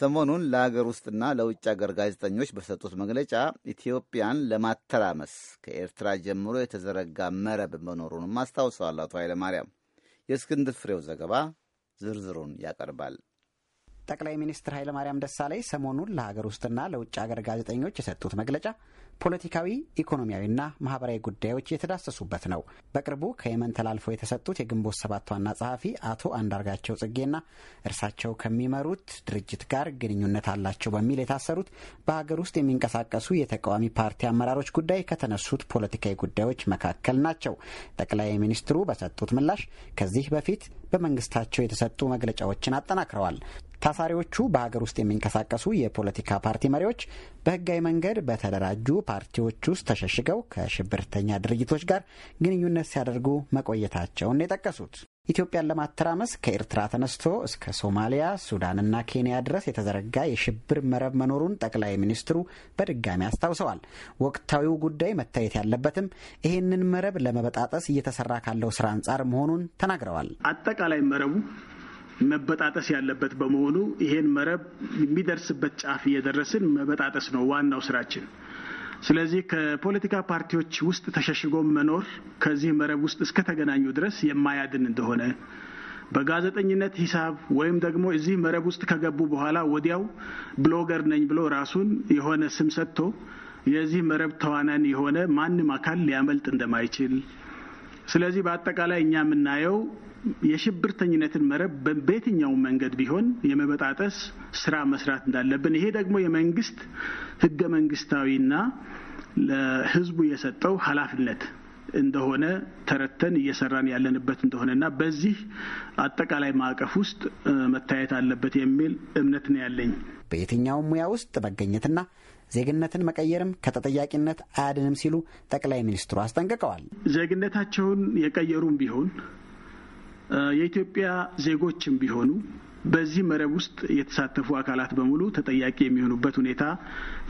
ሰሞኑን ለአገር ውስጥና ለውጭ አገር ጋዜጠኞች በሰጡት መግለጫ ኢትዮጵያን ለማተራመስ ከኤርትራ ጀምሮ የተዘረጋ መረብ መኖሩንም አስታውሰዋል አቶ ኃይለማርያም። የእስክንድር ፍሬው ዘገባ ዝርዝሩን ያቀርባል። ጠቅላይ ሚኒስትር ኃይለማርያም ደሳለኝ ሰሞኑን ለሀገር ውስጥና ለውጭ ሀገር ጋዜጠኞች የሰጡት መግለጫ ፖለቲካዊ፣ ኢኮኖሚያዊና ማህበራዊ ጉዳዮች የተዳሰሱበት ነው። በቅርቡ ከየመን ተላልፈው የተሰጡት የግንቦት ሰባት ዋና ጸሐፊ አቶ አንዳርጋቸው ጽጌና እርሳቸው ከሚመሩት ድርጅት ጋር ግንኙነት አላቸው በሚል የታሰሩት በሀገር ውስጥ የሚንቀሳቀሱ የተቃዋሚ ፓርቲ አመራሮች ጉዳይ ከተነሱት ፖለቲካዊ ጉዳዮች መካከል ናቸው። ጠቅላይ ሚኒስትሩ በሰጡት ምላሽ ከዚህ በፊት በመንግስታቸው የተሰጡ መግለጫዎችን አጠናክረዋል። ታሳሪዎቹ በሀገር ውስጥ የሚንቀሳቀሱ የፖለቲካ ፓርቲ መሪዎች በህጋዊ መንገድ በተደራጁ ፓርቲዎች ውስጥ ተሸሽገው ከሽብርተኛ ድርጅቶች ጋር ግንኙነት ሲያደርጉ መቆየታቸውን የጠቀሱት ኢትዮጵያን ለማተራመስ ከኤርትራ ተነስቶ እስከ ሶማሊያ፣ ሱዳንና ኬንያ ድረስ የተዘረጋ የሽብር መረብ መኖሩን ጠቅላይ ሚኒስትሩ በድጋሚ አስታውሰዋል። ወቅታዊው ጉዳይ መታየት ያለበትም ይህንን መረብ ለመበጣጠስ እየተሰራ ካለው ስራ አንጻር መሆኑን ተናግረዋል። አጠቃላይ መረቡ መበጣጠስ ያለበት በመሆኑ ይሄን መረብ የሚደርስበት ጫፍ እየደረስን መበጣጠስ ነው ዋናው ስራችን። ስለዚህ ከፖለቲካ ፓርቲዎች ውስጥ ተሸሽጎ መኖር ከዚህ መረብ ውስጥ እስከተገናኙ ድረስ የማያድን እንደሆነ በጋዜጠኝነት ሂሳብ ወይም ደግሞ እዚህ መረብ ውስጥ ከገቡ በኋላ ወዲያው ብሎገር ነኝ ብሎ ራሱን የሆነ ስም ሰጥቶ የዚህ መረብ ተዋናን የሆነ ማንም አካል ሊያመልጥ እንደማይችል ስለዚህ በአጠቃላይ እኛ የምናየው የሽብርተኝነትን መረብ በየትኛው መንገድ ቢሆን የመበጣጠስ ስራ መስራት እንዳለብን ይሄ ደግሞ የመንግስት ህገ መንግስታዊና ለህዝቡ የሰጠው ኃላፊነት እንደሆነ ተረተን እየሰራን ያለንበት እንደሆነና በዚህ አጠቃላይ ማዕቀፍ ውስጥ መታየት አለበት የሚል እምነት ነው ያለኝ። በየትኛውም ሙያ ውስጥ መገኘትና ዜግነትን መቀየርም ከተጠያቂነት አያድንም ሲሉ ጠቅላይ ሚኒስትሩ አስጠንቅቀዋል። ዜግነታቸውን የቀየሩም ቢሆን የኢትዮጵያ ዜጎችም ቢሆኑ በዚህ መረብ ውስጥ የተሳተፉ አካላት በሙሉ ተጠያቂ የሚሆኑበት ሁኔታ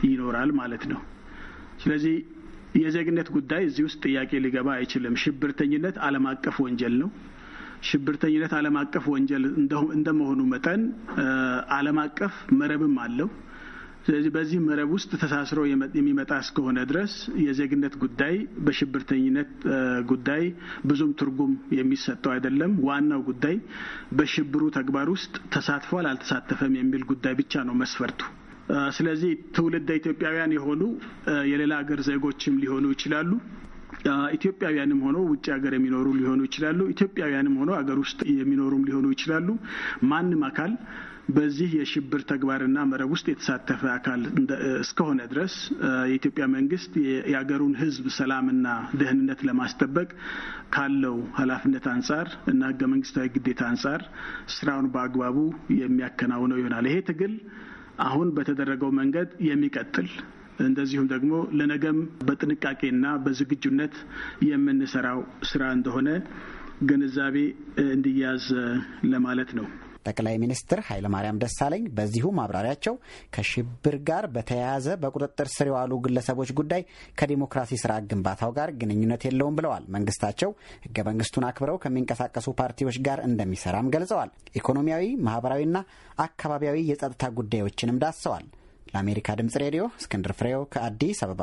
ይኖራል ማለት ነው። ስለዚህ የዜግነት ጉዳይ እዚህ ውስጥ ጥያቄ ሊገባ አይችልም። ሽብርተኝነት ዓለም አቀፍ ወንጀል ነው። ሽብርተኝነት ዓለም አቀፍ ወንጀል እንደመሆኑ መጠን ዓለም አቀፍ መረብም አለው። ስለዚህ በዚህ መረብ ውስጥ ተሳስሮ የሚመጣ እስከሆነ ድረስ የዜግነት ጉዳይ በሽብርተኝነት ጉዳይ ብዙም ትርጉም የሚሰጠው አይደለም። ዋናው ጉዳይ በሽብሩ ተግባር ውስጥ ተሳትፏል አልተሳተፈም የሚል ጉዳይ ብቻ ነው መስፈርቱ። ስለዚህ ትውልደ ኢትዮጵያውያን የሆኑ የሌላ ሀገር ዜጎችም ሊሆኑ ይችላሉ። ኢትዮጵያውያንም ሆኖ ውጭ ሀገር የሚኖሩ ሊሆኑ ይችላሉ። ኢትዮጵያውያንም ሆኖ ሀገር ውስጥ የሚኖሩም ሊሆኑ ይችላሉ። ማንም አካል በዚህ የሽብር ተግባርና መረብ ውስጥ የተሳተፈ አካል እስከሆነ ድረስ የኢትዮጵያ መንግስት የአገሩን ህዝብ ሰላምና ደህንነት ለማስጠበቅ ካለው ኃላፊነት አንጻር እና ህገ መንግስታዊ ግዴታ አንጻር ስራውን በአግባቡ የሚያከናውነው ይሆናል። ይሄ ትግል አሁን በተደረገው መንገድ የሚቀጥል እንደዚሁም ደግሞ ለነገም በጥንቃቄና በዝግጁነት የምንሰራው ስራ እንደሆነ ግንዛቤ እንዲያዝ ለማለት ነው። ጠቅላይ ሚኒስትር ኃይለማርያም ደሳለኝ በዚሁ ማብራሪያቸው ከሽብር ጋር በተያያዘ በቁጥጥር ስር የዋሉ ግለሰቦች ጉዳይ ከዲሞክራሲ ስርዓት ግንባታው ጋር ግንኙነት የለውም ብለዋል። መንግስታቸው ህገ መንግስቱን አክብረው ከሚንቀሳቀሱ ፓርቲዎች ጋር እንደሚሰራም ገልጸዋል። ኢኮኖሚያዊ፣ ማህበራዊና አካባቢያዊ የጸጥታ ጉዳዮችንም ዳሰዋል። ለአሜሪካ ድምጽ ሬዲዮ እስክንድር ፍሬው ከአዲስ አበባ